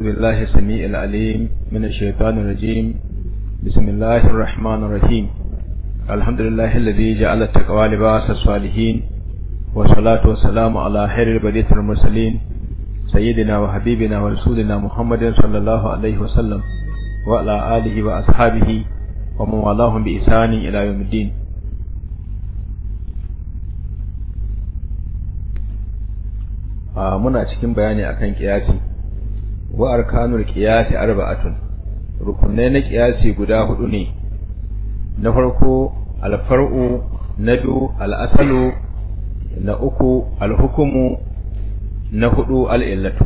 بالله السميع العليم من الشيطان الرجيم بسم الله الرحمن الرحيم الحمد لله الذي جعل التقوى لباس الصالحين والصلاة والسلام على خير البرية المرسلين سيدنا وحبيبنا ورسولنا محمد صلى الله عليه وسلم وعلى آله وأصحابه ومن والاهم بإحسان إلى يوم الدين muna cikin bayani akan kiyasi wa arkanul qiyasi arba'atun rukunai na qiyasi guda hudu ne na farko alfar'u na biyu al'asalu na uku alhukumu na hudu al'illatu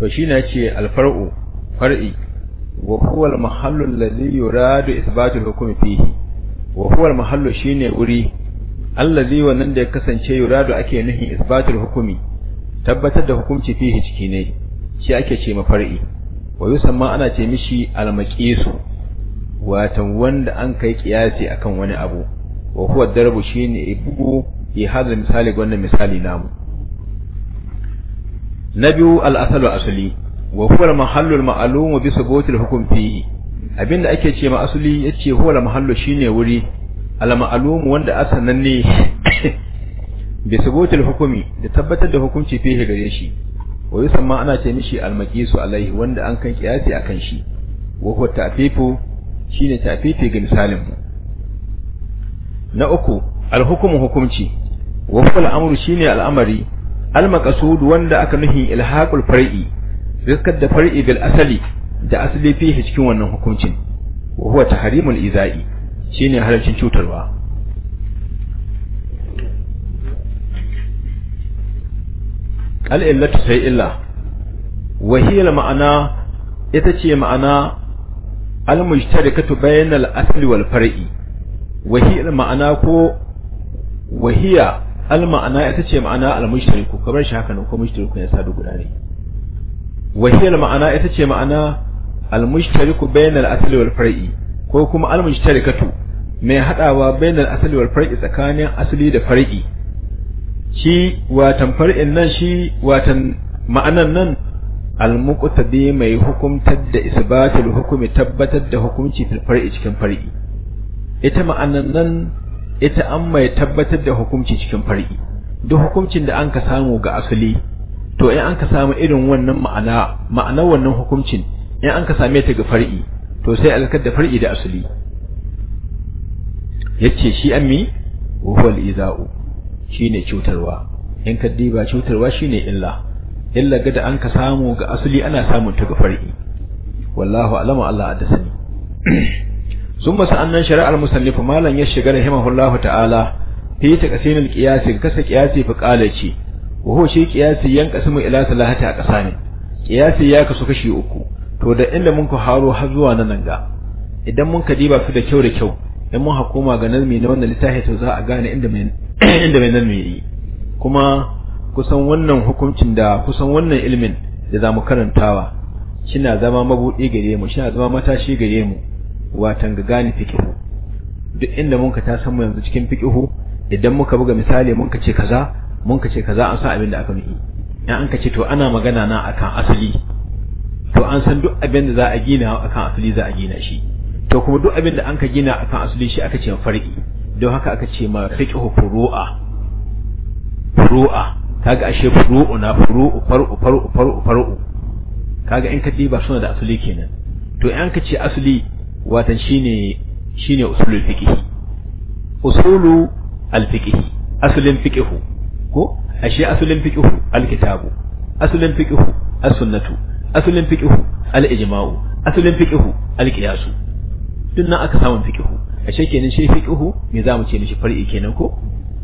to shi na ce alfar'u far'i wa huwa al-mahallu alladhi yuradu ithbatu hukmi fihi wa huwa al-mahallu shine wuri alladhi wannan da ya kasance yuradu ake nufin isbatul hukumi tabbatar da hukunci fihi ciki ne shi ake ce ma far'i wa yusamma ana ce mishi almaqisu watan wanda an kai kiyasi akan wani abu wa huwa darbu shine ibu ya hada misali ga wannan misali namu na biyu wa asali wa huwa al-mahallu al-ma'lum bi thubuti al-hukm fihi abinda ake ce ma asli yace huwa al-mahallu shine wuri al-ma'lum wanda asanan ne bi thubuti al-hukmi da tabbatar da hukunci fihi gare shi wa yusamma ana ce mishi almakisu alaihi wanda an kan kiyasi akan shi wa huwa ta'fifu shine ta'fifi ga misalin na uku alhukumu hukumci wa huwa al'amru shine al'amari almakasudu wanda aka nuhi ilhaqul far'i riskar da far'i bil asali da asali fi cikin wannan hukuncin wa huwa tahrimul izai shine halaccin cutarwa al'illatu sai illa wahiyar ma'ana ita ce ma'ana almujtarikatu bainal asli wal fari'i. wahiyar ma'ana ko wahiya alma'ana ita ce ma'ana almujtariku kamar shi haka nan ko ku ya sadu guda ne wahiyar ma'ana ita ce ma'ana almujtariku ku asli wal fari'i ko kuma almujtarikatu mai haɗawa bainal asli wal far'i tsakanin asali da fari'i. shi watan far'in nan shi watan ma'anan nan al-muqtadi mai hukumtar da isbatul hukumi tabbatar da hukunci fil far'i cikin far'i ita ma'anan nan ita an mai tabbatar da hukunci cikin far'i duk hukuncin da an ka samu ga asali to in an ka samu irin wannan ma'ana ma'anar wannan hukuncin in an ka same ta ga far'i to sai alkar da far'i da asali yace shi ammi wa al iza'u shine cutarwa in ka diba cutarwa shine illa illa ga da an ka samu ga asali ana samun ta ga far'i wallahu alama Allah addasani summa sa'annan shari'ar musannif malan ya shiga rahimahullahu ta'ala fi taqsin al-qiyas kasa qiyasi fi qalaci ce wa huwa shi qiyasi yanqasimu ila salahati a qasamin qiyasi ya kasu kashi uku to da inda mun ku haro har zuwa nan ga idan mun ka diba su da kyau da kyau in mun hakoma ga nazmi na wannan littafi to za a gane inda mai inda mai nazmi yi kuma kusan wannan hukuncin da kusan wannan ilimin da zamu karantawa shina zama mabudi gare mu shina zama matashi gare mu watan ga gane fikihu duk inda mun ka san mu yanzu cikin fikihu idan muka buga misali mun ka ce kaza mun ka ce kaza an san abin da aka nufi in an ka ce to ana magana na akan asali to an san duk abin da za a gina akan asali za a gina shi to kuma duk abin da an ka gina akan asali shi aka ce far'i don haka aka ce ma fiqhu furu'a furu'a kaga ashe furu'u na furu'u far'u far'u far'u far'u kaga in ka diba suna da asali kenan to in ka ce asali watan shine shine usulul fiqh usulu al fiqh asalin fiqh ko ashe asalin fiqh al kitabu asalin fiqh as sunnatu asalin fiqh al ijma'u asalin fiqh al qiyasu tun nan aka samu fiqhu ashe kenan shi fiqhu me zamu ce mishi far'i kenan ko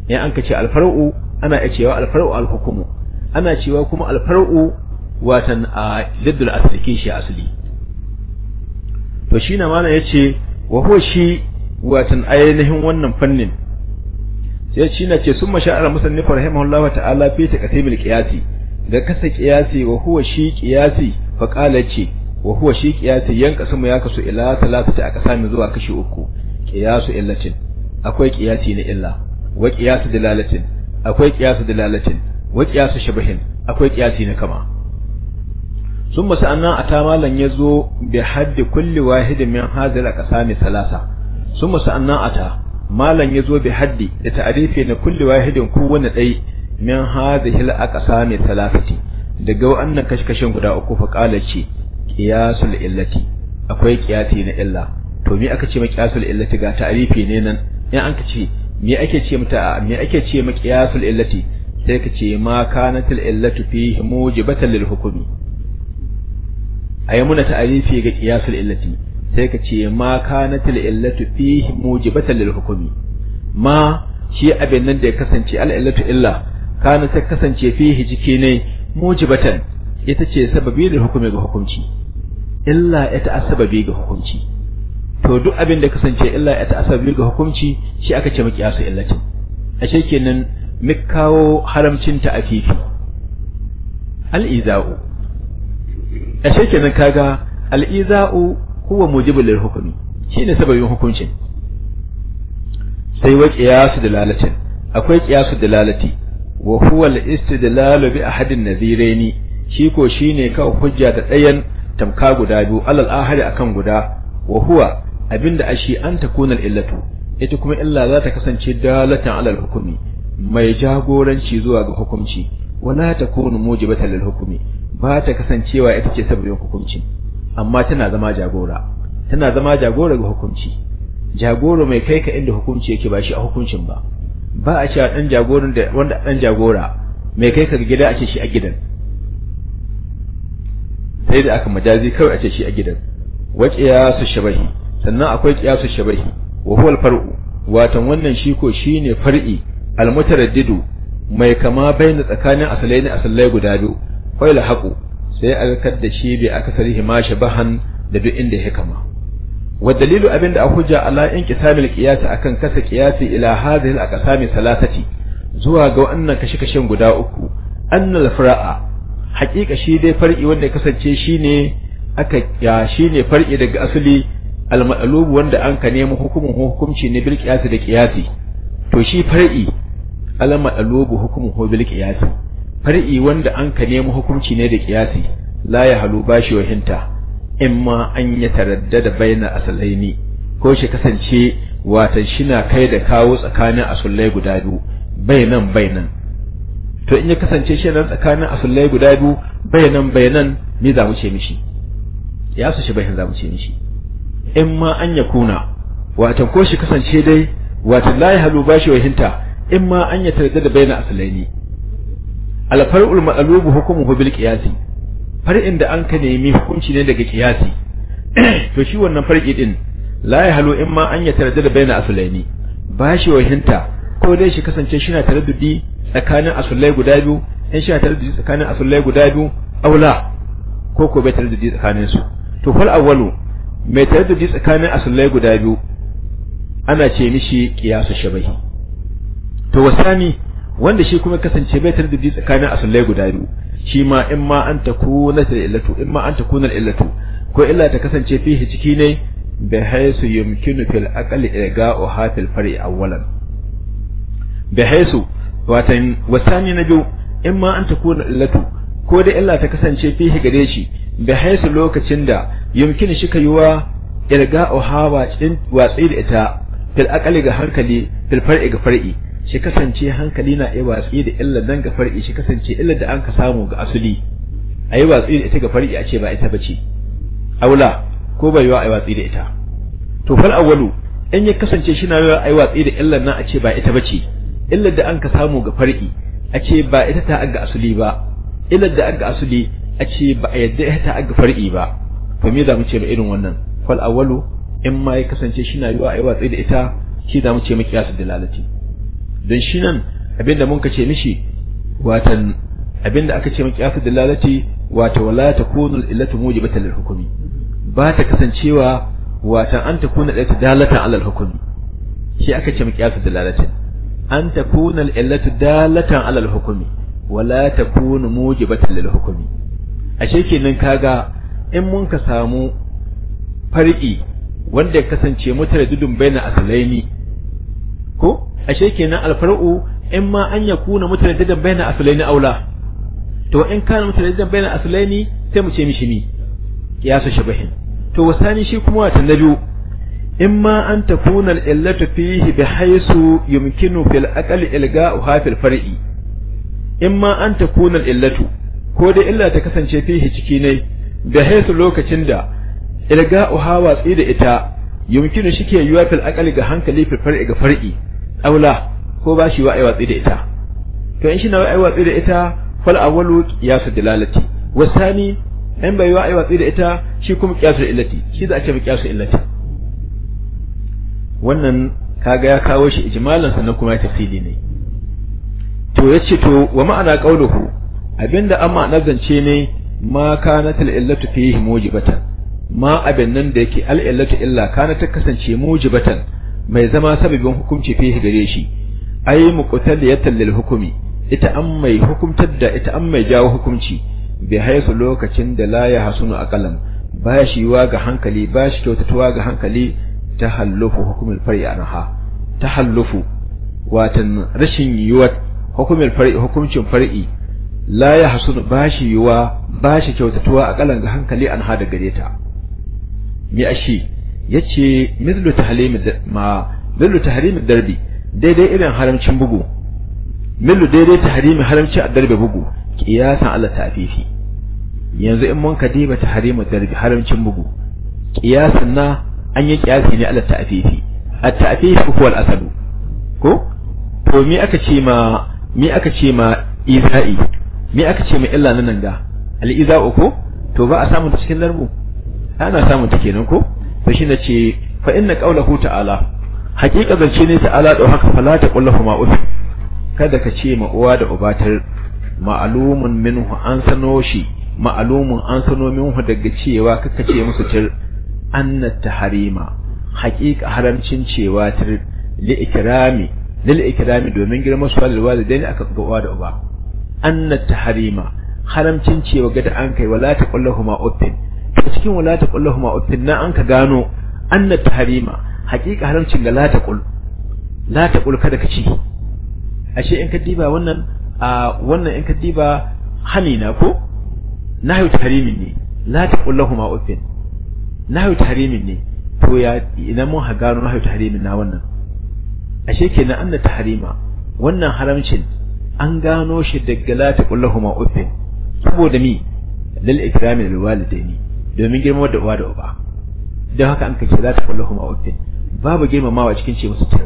ya an ce alfar'u ana iya cewa alfar'u alhukumu ana cewa kuma alfar'u watan a diddul asli ke shi asli to shi na mana yace wa huwa shi watan ainihin wannan fannin sai shi na ce sun masha'ar musannif rahimahullahu ta'ala fi taqsimil qiyasi da kasa qiyasi wa huwa shi qiyasi fa qala ce wa huwa shi qiyasi yanqasimu ya kasu ila aka sami zuwa kashi uku qiyasu illatin akwai qiyasi na illa wa qiyasu dalalatin akwai qiyasu dalalatin wa qiyasu shabahin akwai qiyasi na kama sun masu anna a tamalan ya zo bi haddi kulli wahidin min hadhihi al-aqsami talata sun masu anna a ta malan ya zo bi haddi da ta'arifi na kulli wahidin kowane ɗai min hadhihi al-aqsami thalathati daga wannan kashkashin guda uku fa qala ce qiyasul illati akwai qiyati na illa to me aka ce ma qiyasul illati ga ta'rifi ne nan in an ka ce me ake ce mata me ake ce ma qiyasul illati sai ka ce ma kanatul illatu fihi mujibatan lil hukmi ayyuna ta'rifi ga qiyasul illati sai ka ce ma kanatul illatu fihi mujibatan lil hukmi ma shi abin nan da ya kasance al illatu illa kana ta kasance fihi jiki ne mujibatan ita ce sababi da hukumi ga hukunci illa ita asababi ga hukunci to duk abin da kasance illa ita asababi ga hukunci shi aka ce miqyasu illatin ashe kenan mik kawo haramcin ta afifi al-iza'u ashe kenan kaga al-iza'u huwa mujibul lil hukmi shine sababin hukuncin sai wa qiyasu dalalatin akwai qiyasu dalalati wa huwa al-istidlalu bi ahadin nadhiraini shi ko shine kawai hujja da ɗayan tamka guda biyu alal ahari akan guda wa huwa abinda ashi an takuna illatu ita kuma illa za ta kasance dalatan alal hukumi mai jagoranci zuwa ga hukumci wala takunu mujibatan lil hukumi ba ta kasancewa ita ce sabbin hukumci amma tana zama jagora tana zama jagora ga hukumci. jagoro mai kai ka inda hukunci yake ba shi a hukuncin ba ba a cewa dan jagoran da wanda dan jagora mai kai ka gida a ce shi a gidan sai da aka majazi kawai a ce shi a gidan wa qiyasu shabahi sannan akwai qiyasu shabahi wa huwa al watan wannan shi ko shine far'i almutaraddidu mai kama baina tsakanin asalai na asalai guda biyu fa la haqu sai alkar da shi bi akasarihi ma shabahan da duk inda ya kama wa dalilu abinda a hujja ala inqisamil qiyas akan kasa qiyasi ila hadhihi al salasati zuwa ga wannan kashe-kashen guda uku annal fara'a haƙiƙa shi dai far'i wanda kasance ne aka ya ne far'i daga asali al-ma'lub wanda an ka nemi hukumin hukunci ne bil qiyas da qiyasi to shi far'i al-ma'lub hukumin hu bil qiyasi far'i wanda an ka nemi hukunci ne da qiyasi la ya halu bashi wahinta imma an ya taraddada bayna asalaini ko shi kasance watan shina kai da kawo tsakanin asullai guda biyu bainan bainan to in ya kasance shi nan tsakanin asulai guda biyu bayanan bayanan me za mu ce mishi ya su shi bayan za mu ce mishi in ma an ya kuna wata ko shi kasance dai wata la halu ba shi hinta in ma an ya tarda da bayanan asulai ne alfar'ul ma'alubu hu bil qiyasi far'in da an ka nemi hukunci ne daga qiyasi to shi wannan farki din la halu in ma an ya tarda da bayanan asulai ne ba shi hinta ko dai shi kasance shi na taraddudi tsakanin asullai guda biyu in shi taraddudi tsakanin asullai guda biyu aula ko ko bai taraddudi tsakanin su to fal awwalu mai taraddudi tsakanin asullai guda biyu ana ce mishi qiyasu shabahi to wasani wanda shi kuma kasance bai taraddudi tsakanin asullai guda biyu shi ma in ma an takuna illatu in ma an takuna illatu ko illa ta kasance fihi ciki ne bi haisu yumkinu fil aqli iga'u hafil far'i awwalan bi haisu watan wasani na biyu in ma an kona illatu ko da illa ta kasance fihi gare shi bi haisu lokacin da yumkin shi ka kayuwa irga hawa cin watsi da ita fil aqali ga hankali fil far'i ga far'i shi kasance hankali na yi watsi da illa dan ga far'i shi kasance illa da an ka samu ga asuli ayi watsi da ita ga far'i a ce ba ita bace aula ko bai yiwa ayi watsi da ita to fal awwalu in ya kasance shi na yiwa ayi watsi da illa nan a ce ba ita bace illar da an ka samu ga far'i a ce ba ita ta aga asuli ba illar da aga asuli a ce ba a yadda ita ta aga far'i ba to me za mu ce ba irin wannan fal awwalu in ma ya kasance shi na yiwa a yi watsi da ita shi za mu ce maki yasu dalalati don shi nan abinda mun ka ce mishi watan abinda aka ce maki yasu dalalati wata wala ta kunu illatu mujibatan lil hukumi ba ta kasancewa watan an ta kuna da ta dalatan alal hukumi shi aka ce maki yasu dalalati an takuna al-illatu dalatan ala al-hukmi wala takunu mujibatan lil hukmi ashe nan kaga in mun ka samu farki wanda ya kasance dudun baina asalaini ko ashe ke nan alfar'u in ma an ya kuna yakuna dudun baina asalaini aula to in kana dudun baina asalaini sai mu ce mishi ni ya su shabahin to wasani shi kuma wata na biyu imma an takuna al-illatu fihi bihaythu yumkinu fil aqli ilga'uha fil far'i imma an takuna illatu ko dai illa ta kasance fihi ciki ne bihaythu lokacin da ilga'uha watsi da ita yumkinu shike yuwa fil aqli ga hankali fil far'i ga far'i aula ko ba shi wa ai watsi da ita to in shi na ai watsi da ita fal awwalu qiyasu bai watsi da ita shi kuma shi za wannan kaga ya kawo shi ijmalan na kuma ya tafsili ne to yace to wa ma'ana qauluhu abinda amma zance ne ma kanat al illatu fihi mujibatan ma abin nan da yake al illatu illa kanat ta kasance mujibatan mai zama sababin hukunci fihi gare shi ai ya lil hukumi ita an mai hukumtar da ita an mai jawo hukunci bi haisu lokacin da la ya hasunu aqalam ba shi wa ga hankali ba shi kyautatuwa ga hankali tahallufu hukumul far'i anha tahallufu watan rashin yiwuwar hukumul far'i hukuncin far'i la ya hasunu bashi yiwa bashi kyautatuwa kalan ga hankali anha da gare ta mi ashi yace mithlu tahlim ma mithlu tahrim darbi daidai irin haramcin bugu mithlu daidai tahrim haramci darbi bugu qiyasan ala tafifi yanzu in mun ka kadiba tahrim darbi haramcin bugu qiyasan na an yi kiyasi ne ala ta'fifi at ta'fifi huwa al asadu ko to me aka ce ma me aka ce ma iza'i me aka ce ma illa nan ga al iza'u ko to ba a samu ta cikin larbu ana samu ta kenan ko to shi ne ce fa inna qawlahu ta'ala haqiqa zance ne ta'ala da haka fala ta qullahu ma ufi kada ka ce ma uwa da uba ta ma'lumun minhu an sano shi ma'lumun an sano minhu daga cewa kaka ce musu tir anna taharima haqiqa haramcin cewa ta li ikrami lil ikrami domin girman su da walidain aka uwa da uba anna taharima haramcin cewa gada an kai wala ta qullahuma uffin cikin wala ta qullahuma uffin na an ka gano anna taharima haqiqa haramcin ga la ta qul la ta qul kada ka ci ashe in ka diba wannan a wannan in ka diba hani na ko nahyu tarimin ne la ta qullahuma uffin nahu tahrimin ne to ya idan mun na nahu tahrimin na wannan ashe kenan anna tahrima wannan haramcin an gano shi daga la taqullahuma uffin saboda mi lil ikrami lil walidaini domin girmama da uwa da uba dan haka an kace la taqullahuma uffin babu girmamawa cikin ce musu tar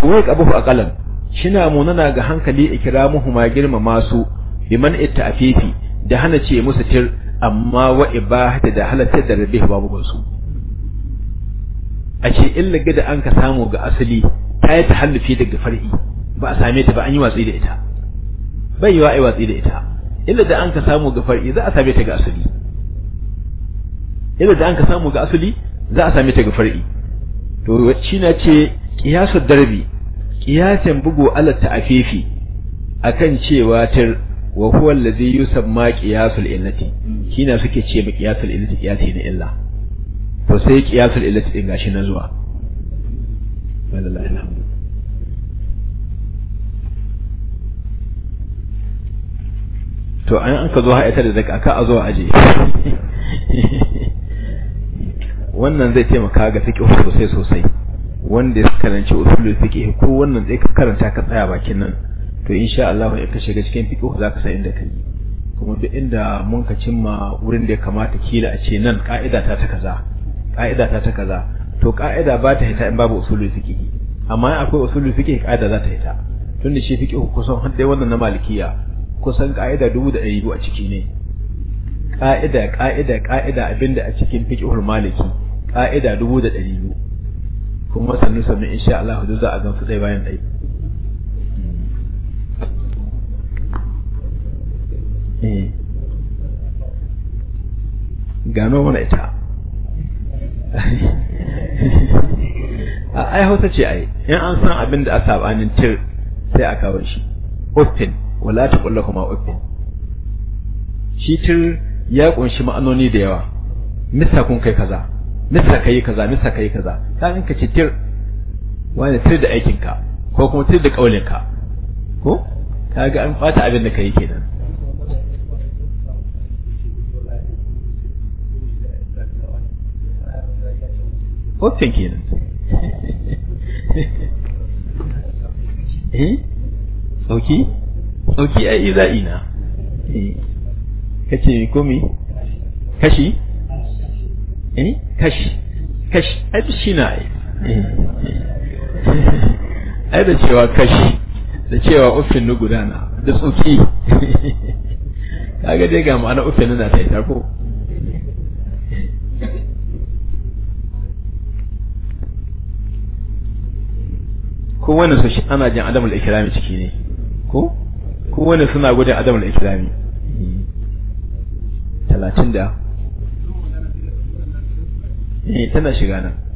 to wai qabahu aqalan shina munana ga hankali ikramuhuma girmama su biman itta afifi da hana ce musu tir amma wa ibahata da halatta da rabe babu gunsu a ce illa ga da an ka samu ga asali ta yi tahallufi daga far'i ba a same ta ba an yi watsi da ita bai yi wa ai watsi da ita illa da an ka samu ga far'i za a same ta ga asali illa da an ka samu ga asali za a same ta ga far'i to shi na ce qiyasud darbi qiyasin bugu alatta ta'afifi akan cewa ta. wa huwa alladhi yusamma qiyasul illati kina suke ce ba qiyasul illati qiyasi na illa to sai qiyasul illati din gashi na zuwa wallahi to an an ka zo haita da zaka ka a zo aje wannan zai taimaka ga fiqh sosai sosai wanda ya karanci usulul fiqh ko wannan zai karanta ka tsaya bakin nan to insha Allah in ka shiga cikin fiqh za ka san inda kai kuma duk inda mun ka cimma wurin da ya kamata kila a ce nan ka'ida ta ta kaza ka'ida ta ta kaza to ka'ida ba ta hita in babu usulu fiqh amma in akwai usulu fiqh ka'ida za ta hita tunda shi fiqh kusan har dai wannan na malikiya kusan ka'ida dubu da ɗari a ciki ne ka'ida ka'ida ka'ida abinda a cikin fiqhul maliki ka'ida dubu da ɗari biyu kuma sannu sannu insha Allah duk za a gansu ɗaya bayan ɗaya Eh. gano mana ita ai hausa ce ai in an san abin da a sabanin tir sai a kawo shi uffin wala ta kulla kuma uffin shi tir ya kunshi ma'anoni da yawa misa kun kai kaza ka kai kaza ka kai kaza kan in ka ce tir wani tir da aikinka ko kuma tir da kaulinka ko ga an fata abin da kai kenan hoffin kenan eh sauki sauki ai iza'i na eh. kace komi kashi eh kashi kashi ai shi na ai eh. ai da cewa kashi da cewa ofin na gudana da tsoki kaga dai ga ma'ana ofin na ta ita ko ko wani su shi ana jin adamul ikrami ciki ne ko ko wani suna gudun adamul ikrami talatin da eh, tana shiga nan